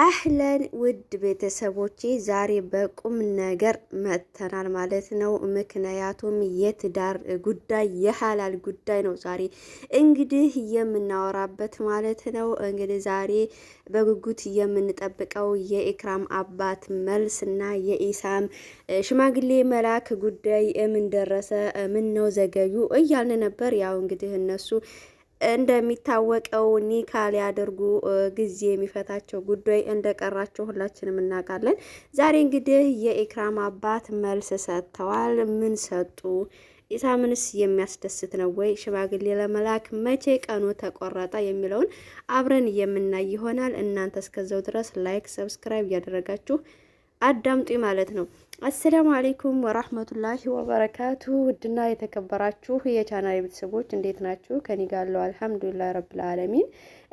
አህለን ውድ ቤተሰቦቼ ዛሬ በቁም ነገር መጥተናል ማለት ነው። ምክንያቱም የትዳር ጉዳይ የሀላል ጉዳይ ነው ዛሬ እንግዲህ የምናወራበት ማለት ነው። እንግዲህ ዛሬ በጉጉት የምንጠብቀው የኢክራም አባት መልስ እና የኢሳም ሽማግሌ መላክ ጉዳይ ምን ደረሰ? ምን ነው ዘገዩ እያልን ነበር። ያው እንግዲህ እነሱ እንደሚታወቀው ኒካ ሊያደርጉ ጊዜ የሚፈታቸው ጉዳይ እንደቀራቸው ሁላችንም እናውቃለን። ዛሬ እንግዲህ የኢክራም አባት መልስ ሰጥተዋል። ምን ሰጡ? ኢሳምንስ የሚያስደስት ነው ወይ? ሽማግሌ ለመላክ መቼ ቀኑ ተቆረጠ? የሚለውን አብረን የምናይ ይሆናል። እናንተ እስከዛው ድረስ ላይክ፣ ሰብስክራይብ እያደረጋችሁ አዳምጡ ማለት ነው። አሰላሙ አሌይኩም ወራህመቱላሂ ወበረካቱ። ውድና የተከበራችሁ የቻናል ቤተሰቦች እንዴት ናችሁ? ከኔ ጋር አለው አልሐምዱሊላህ ረብል አለሚን።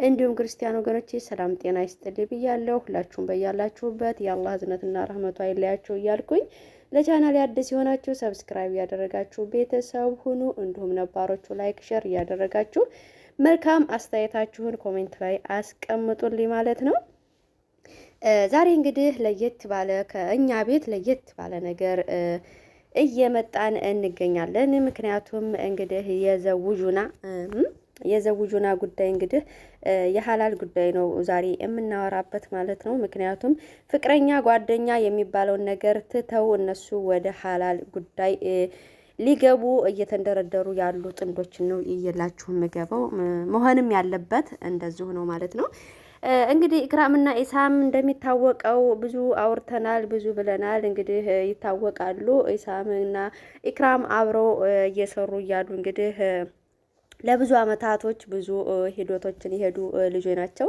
እንዲሁም ክርስቲያን ወገኖቼ ሰላም ጤና ይስጥልኝ ብያለሁ። ሁላችሁም በያላችሁበት የአላህ ህዝነትና ረህመቱ አይለያችሁ እያልኩኝ ለቻናል አዲስ የሆናችሁ ሰብስክራይብ እያደረጋችሁ ቤተሰብ ሁኑ። እንዲሁም ነባሮቹ ላይክ፣ ሸር እያደረጋችሁ መልካም አስተያየታችሁን ኮሜንት ላይ አስቀምጡልኝ ማለት ነው። ዛሬ እንግዲህ ለየት ባለ ከእኛ ቤት ለየት ባለ ነገር እየመጣን እንገኛለን። ምክንያቱም እንግዲህ የዘውጁና የዘውጁና ጉዳይ እንግዲህ የሀላል ጉዳይ ነው ዛሬ የምናወራበት ማለት ነው። ምክንያቱም ፍቅረኛ ጓደኛ የሚባለውን ነገር ትተው እነሱ ወደ ሀላል ጉዳይ ሊገቡ እየተንደረደሩ ያሉ ጥንዶችን ነው እየላችሁ የምገባው። መሆንም ያለበት እንደዚሁ ነው ማለት ነው። እንግዲህ ኢክራምና ኢሳም እንደሚታወቀው ብዙ አውርተናል፣ ብዙ ብለናል። እንግዲህ ይታወቃሉ። ኢሳምና ኢክራም አብረው እየሰሩ እያሉ እንግዲህ ለብዙ አመታቶች ብዙ ሂደቶችን የሄዱ ልጆች ናቸው።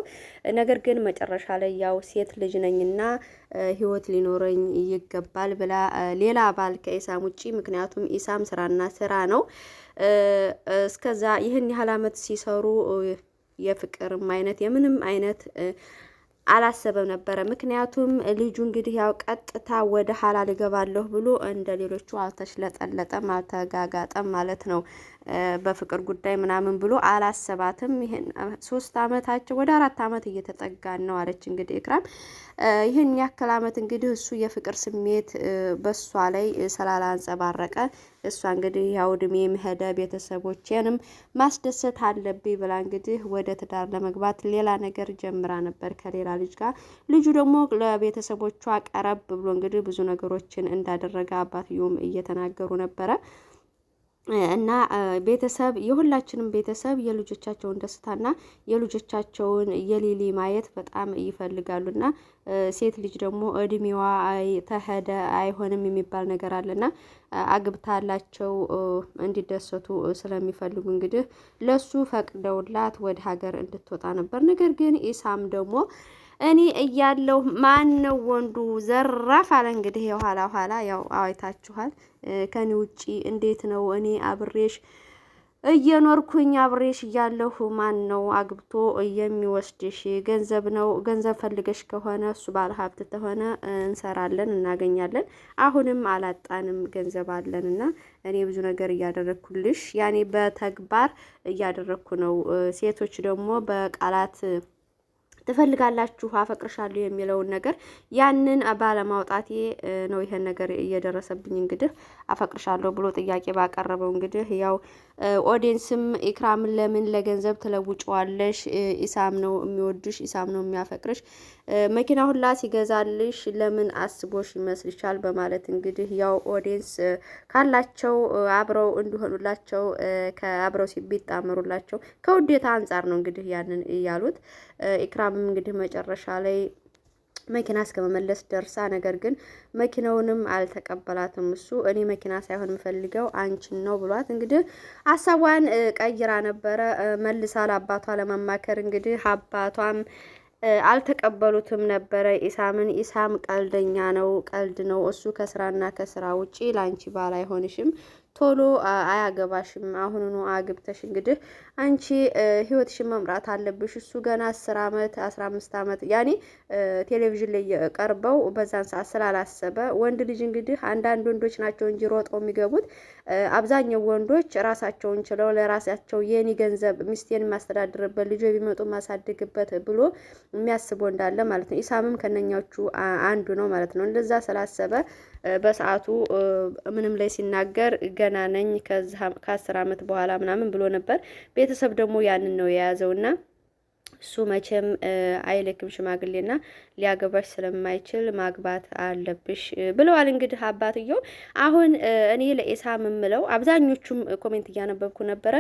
ነገር ግን መጨረሻ ላይ ያው ሴት ልጅ ነኝና ህይወት ሊኖረኝ ይገባል ብላ ሌላ ባል ከኢሳም ውጪ፣ ምክንያቱም ኢሳም ስራና ስራ ነው። እስከዛ ይህን ያህል አመት ሲሰሩ የፍቅርም አይነት የምንም አይነት አላሰበም ነበረ። ምክንያቱም ልጁ እንግዲህ ያው ቀጥታ ወደ ሀላል እገባለሁ ብሎ እንደ ሌሎቹ አልተሽለጠለጠም፣ አልተጋጋጠም ማለት ነው። በፍቅር ጉዳይ ምናምን ብሎ አላሰባትም። ይህን ሶስት አመታቸው ወደ አራት አመት እየተጠጋን ነው አለች እንግዲህ እክራም ይህን ያክል አመት እንግዲህ እሱ የፍቅር ስሜት በሷ ላይ ስላላንጸባረቀ እሷ እንግዲህ ያው እድሜ መሄደ ቤተሰቦቼንም ማስደሰት አለብኝ ብላ እንግዲህ ወደ ትዳር ለመግባት ሌላ ነገር ጀምራ ነበር ከሌላ ልጅ ጋር። ልጁ ደግሞ ለቤተሰቦቿ ቀረብ ብሎ እንግዲህ ብዙ ነገሮችን እንዳደረገ አባትየውም እየተናገሩ ነበረ። እና ቤተሰብ የሁላችንም ቤተሰብ የልጆቻቸውን ደስታና የልጆቻቸውን የሊሊ ማየት በጣም ይፈልጋሉ እና ሴት ልጅ ደግሞ እድሜዋ ተሄደ አይሆንም የሚባል ነገር አለና አግብታላቸው እንዲደሰቱ ስለሚፈልጉ እንግዲህ ለሱ ፈቅደውላት ወደ ሀገር እንድትወጣ ነበር። ነገር ግን ኢሳም ደግሞ እኔ እያለው ማን ነው ወንዱ ዘራፍ አለ። እንግዲህ የኋላ ኋላ ያው አዋይታችኋል። ከኔ ውጪ እንዴት ነው እኔ አብሬሽ እየኖርኩኝ አብሬሽ እያለሁ ማን ነው አግብቶ የሚወስድሽ? ገንዘብ ነው ገንዘብ ፈልገሽ ከሆነ እሱ ባለ ሀብት ከሆነ እንሰራለን እናገኛለን። አሁንም አላጣንም፣ ገንዘብ አለን እና እኔ ብዙ ነገር እያደረግኩልሽ ያኔ በተግባር እያደረግኩ ነው። ሴቶች ደግሞ በቃላት ትፈልጋላችሁ፣ አፈቅርሻለሁ የሚለውን ነገር ያንን ባለማውጣቴ ነው ይሄን ነገር እየደረሰብኝ። እንግዲህ አፈቅርሻለሁ ብሎ ጥያቄ ባቀረበው እንግዲህ ያው ኦዲንስም ኢክራምን ለምን ለገንዘብ ትለውጨዋለሽ? ኢሳም ነው የሚወዱሽ፣ ኢሳም ነው የሚያፈቅርሽ፣ መኪና ሁላ ሲገዛልሽ ለምን አስቦሽ ይመስልሻል? በማለት እንግዲህ ያው ኦዲንስ ካላቸው አብረው እንዲሆኑላቸው ከአብረው ቢጣመሩላቸው ከውዴታ አንጻር ነው እንግዲህ ያንን ያሉት። ኢክራምም እንግዲህ መጨረሻ ላይ መኪና እስከመመለስ ደርሳ፣ ነገር ግን መኪናውንም አልተቀበላትም። እሱ እኔ መኪና ሳይሆን የምፈልገው አንቺን ነው ብሏት እንግዲህ ሀሳቧን ቀይራ ነበረ መልሳ ለአባቷ ለመማከር እንግዲህ አባቷም አልተቀበሉትም ነበረ ኢሳምን። ኢሳም ቀልደኛ ነው፣ ቀልድ ነው እሱ ከስራና ከስራ ውጪ ላንቺ ባል አይሆንሽም ቶሎ አያገባሽም። አሁኑኑ አግብተሽ እንግዲህ አንቺ ህይወትሽን መምራት አለብሽ። እሱ ገና አስር አመት አስራ አምስት አመት ያኔ ቴሌቪዥን ላይ ቀርበው በዛን ሰዓት ስላላሰበ ወንድ ልጅ እንግዲህ አንዳንድ ወንዶች ናቸው እንጂ ሮጠው የሚገቡት አብዛኛው ወንዶች ራሳቸውን ችለው ለራሳቸው የኔ ገንዘብ ሚስቴን የማስተዳድርበት ልጆ ቢመጡ ማሳድግበት ብሎ የሚያስበው እንዳለ ማለት ነው። ኢሳምም ከነኛዎቹ አንዱ ነው ማለት ነው። እንደዛ ስላሰበ በሰዓቱ ምንም ላይ ሲናገር ገና ነኝ ከአስር ዓመት በኋላ ምናምን ብሎ ነበር። ቤተሰብ ደግሞ ያንን ነው የያዘው እና እሱ መቼም አይልክም ሽማግሌና ሊያገባሽ ስለማይችል ማግባት አለብሽ ብለዋል። እንግዲህ አባትየው አሁን እኔ ለኢሳም የምለው አብዛኞቹም ኮሜንት እያነበብኩ ነበረ።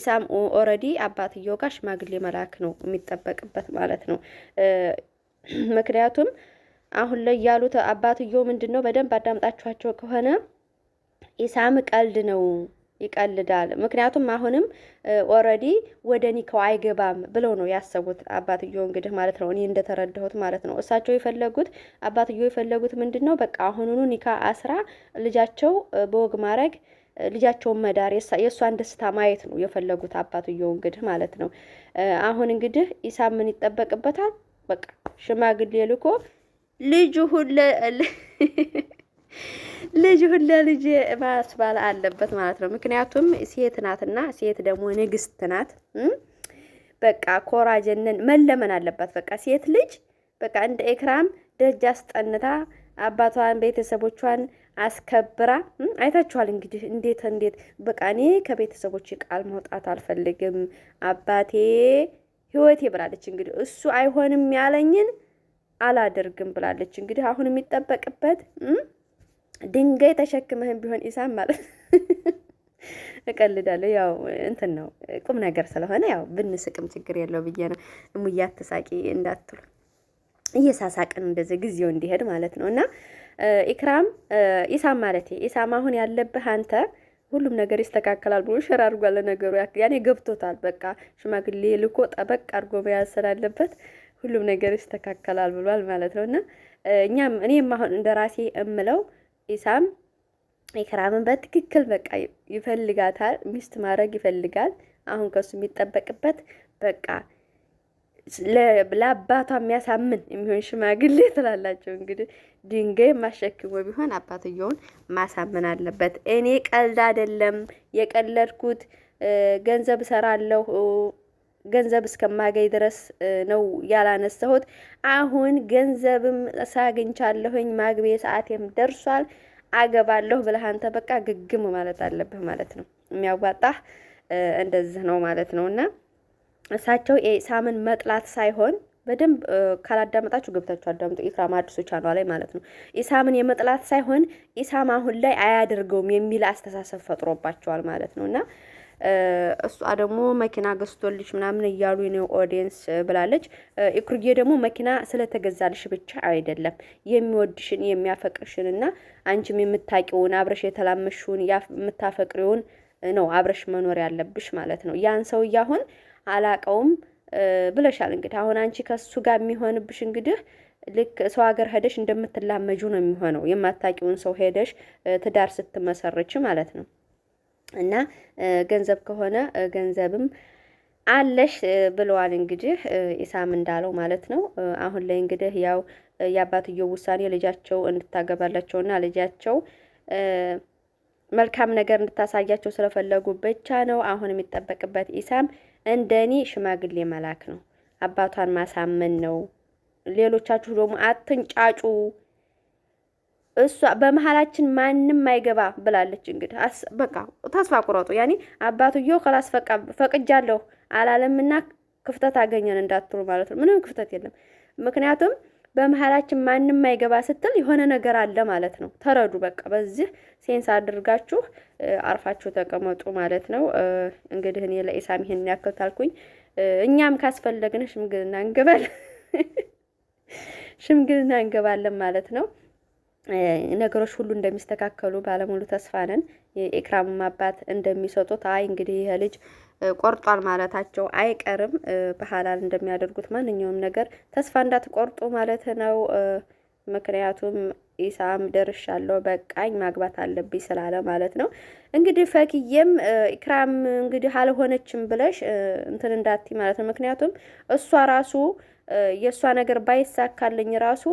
ኢሳም ኦረዲ አባትየው ጋር ሽማግሌ መላክ ነው የሚጠበቅበት ማለት ነው። ምክንያቱም አሁን ላይ ያሉት አባትየው ምንድን ነው በደንብ አዳምጣችኋቸው ከሆነ ኢሳም ቀልድ ነው ይቀልዳል። ምክንያቱም አሁንም ኦረዲ ወደ ኒካው አይገባም ብለው ነው ያሰቡት አባትዮ እንግዲህ ማለት ነው እኔ እንደተረዳሁት ማለት ነው። እሳቸው የፈለጉት አባትዮ የፈለጉት ምንድን ነው በቃ አሁኑኑ ኒካ አስራ ልጃቸው በወግ ማድረግ ልጃቸውን መዳር የእሷን ደስታ ማየት ነው የፈለጉት አባትዮ እንግዲህ ማለት ነው። አሁን እንግዲህ ኢሳም ምን ይጠበቅበታል? በቃ ሽማግሌ ልኮ ልጁ ሁለ ልጅ ሁለ ልጅ ማስባል አለበት ማለት ነው። ምክንያቱም ሴት ናትና ሴት ደግሞ ንግስት ናት። በቃ ኮራጀንን መለመን አለባት። በቃ ሴት ልጅ በቃ እንደ ኤክራም ደጅ አስጠንታ አባቷን ቤተሰቦቿን አስከብራ አይታችኋል። እንግዲህ እንዴት እንዴት በቃ እኔ ከቤተሰቦች ቃል መውጣት አልፈልግም አባቴ ህይወቴ ብላለች። እንግዲህ እሱ አይሆንም ያለኝን አላደርግም ብላለች። እንግዲህ አሁን የሚጠበቅበት ድንጋይ ተሸክመህን ቢሆን ኢሳም ማለት እቀልዳለሁ። ያው እንትን ነው ቁም ነገር ስለሆነ ያው ብንስቅም ችግር የለው ብዬ ነው። እሙያ አትሳቂ እንዳትሉ እየሳሳቅን እንደዚህ ጊዜው እንዲሄድ ማለት ነው። እና ኢክራም ኢሳም ማለት ኢሳም አሁን ያለብህ አንተ ሁሉም ነገር ይስተካከላል ብሎ ሸር አድርጓል። ነገሩ ያኔ ገብቶታል። በቃ ሽማግሌ ልኮ ጠበቅ አድርጎ መያዝ ስላለበት ሁሉም ነገር ይስተካከላል ብሏል ማለት ነው እና እኛም እኔም አሁን እንደ ራሴ እምለው ኢሳም ኢክራምን በትክክል በቃ ይፈልጋታል፣ ሚስት ማድረግ ይፈልጋል። አሁን ከሱ የሚጠበቅበት በቃ ለአባቷ የሚያሳምን የሚሆን ሽማግሌ ትላላቸው እንግዲህ። ድንጋይ ማሸክሞ ቢሆን አባትየውን ማሳምን አለበት። እኔ ቀልድ አይደለም የቀለድኩት፣ ገንዘብ እሰራለሁ ገንዘብ እስከማገኝ ድረስ ነው ያላነሳሁት። አሁን ገንዘብም ሳግኝቻለሁኝ ማግቤ ሰዓቴም ደርሷል። አገባለሁ ብለህ አንተ በቃ ግግም ማለት አለብህ ማለት ነው። የሚያዋጣህ እንደዚህ ነው ማለት ነው። እና እሳቸው የኢሳምን መጥላት ሳይሆን በደንብ ካላዳመጣችሁ ገብታችሁ አዳምጡ። ኢክራም አዲሱ ቻኗ ላይ ማለት ነው ኢሳምን የመጥላት ሳይሆን ኢሳም አሁን ላይ አያደርገውም የሚል አስተሳሰብ ፈጥሮባቸዋል ማለት ነው እና እሷ ደግሞ መኪና ገዝቶልሽ ምናምን እያሉ ነው ኦዲየንስ ብላለች። ኢኩርጌ ደግሞ መኪና ስለተገዛልሽ ብቻ አይደለም የሚወድሽን የሚያፈቅርሽን እና አንቺም የምታቂውን አብረሽ የተላመሽውን የምታፈቅሪውን ነው አብረሽ መኖር ያለብሽ ማለት ነው። ያን ሰውዬ አሁን አላቀውም ብለሻል። እንግዲህ አሁን አንቺ ከሱ ጋር የሚሆንብሽ እንግዲህ ልክ ሰው ሀገር ሄደሽ እንደምትላመጁ ነው የሚሆነው። የማታቂውን ሰው ሄደሽ ትዳር ስትመሰርች ማለት ነው። እና ገንዘብ ከሆነ ገንዘብም አለሽ ብለዋል። እንግዲህ ኢሳም እንዳለው ማለት ነው። አሁን ላይ እንግዲህ ያው የአባትየው ውሳኔ ልጃቸው እንድታገባላቸውና ልጃቸው መልካም ነገር እንድታሳያቸው ስለፈለጉ ብቻ ነው። አሁን የሚጠበቅበት ኢሳም እንደኔ ሽማግሌ መላክ ነው፣ አባቷን ማሳመን ነው። ሌሎቻችሁ ደግሞ አትንጫጩ። እሷ በመሀላችን ማንም አይገባ ብላለች። እንግዲህ በቃ ተስፋ ቁረጡ። ያኔ አባትዮ ከላስ ፈቅጃለሁ አላለምና ክፍተት አገኘን እንዳትሉ ማለት ነው። ምንም ክፍተት የለም። ምክንያቱም በመሀላችን ማንም አይገባ ስትል የሆነ ነገር አለ ማለት ነው። ተረዱ። በቃ በዚህ ሴንስ አድርጋችሁ አርፋችሁ ተቀመጡ ማለት ነው። እንግዲህ እኔ ለኢሳም ይሄን ያክል ታልኩኝ። እኛም ካስፈለግን ሽምግልና እንገባለን፣ ሽምግልና እንገባለን ማለት ነው። ነገሮች ሁሉ እንደሚስተካከሉ ባለሙሉ ተስፋ ነን። የኤክራም አባት እንደሚሰጡት አይ እንግዲህ ይህ ልጅ ቆርጧል ማለታቸው አይቀርም። በሐላል እንደሚያደርጉት ማንኛውም ነገር ተስፋ እንዳትቆርጡ ማለት ነው። ምክንያቱም ኢሳም ደርሻለሁ፣ በቃኝ፣ ማግባት አለብኝ ስላለ ማለት ነው። እንግዲህ ፈክዬም ኢክራም እንግዲህ አልሆነችም ብለሽ እንትን እንዳትይ ማለት ነው። ምክንያቱም እሷ ራሱ የእሷ ነገር ባይሳካልኝ ራሱ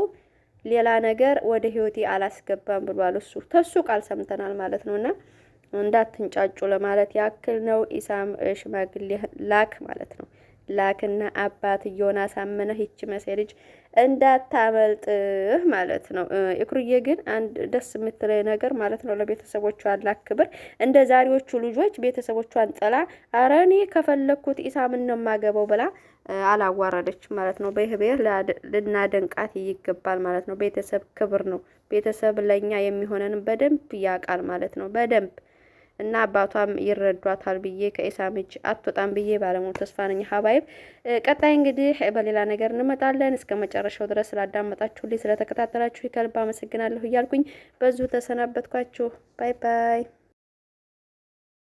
ሌላ ነገር ወደ ህይወቴ አላስገባም ብሏል። እሱ ተሱ ቃል ሰምተናል ማለት ነው እና እንዳትንጫጩ ለማለት ያክል ነው። ኢሳም ሽማግሌ ላክ ማለት ነው ላክና አባትየውን አሳምነህ ይቺ መሴ ልጅ እንዳታመልጥህ ማለት ነው። እኩርዬ ግን አንድ ደስ የምትለይ ነገር ማለት ነው ለቤተሰቦቿን ላክብር እንደ ዛሬዎቹ ልጆች ቤተሰቦቿን ጥላ አረ እኔ ከፈለግኩት ኢሳምን ነው የማገባው ብላ አላዋረደችም ማለት ነው። ይህ ብሔር ልናደንቃት ይገባል ማለት ነው። ቤተሰብ ክብር ነው። ቤተሰብ ለእኛ የሚሆነንም በደንብ ያውቃል ማለት ነው። በደንብ እና አባቷም ይረዷታል ብዬ ከኢሳም እጅ አትወጣም ብዬ ባለሙሉ ተስፋ ነኝ። ሀባይብ ቀጣይ እንግዲህ በሌላ ነገር እንመጣለን። እስከ መጨረሻው ድረስ ስላዳመጣችሁልኝ፣ ስለተከታተላችሁ ከልብ አመሰግናለሁ እያልኩኝ በዙ ተሰናበትኳችሁ። ባይ ባይ።